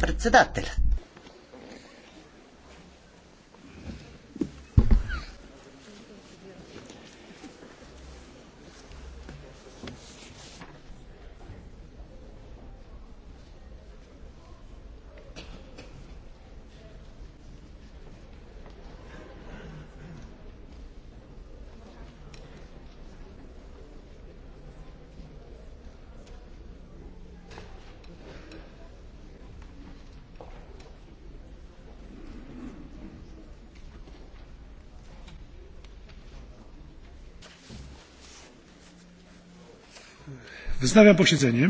Председателят wznawiam posiedzenie.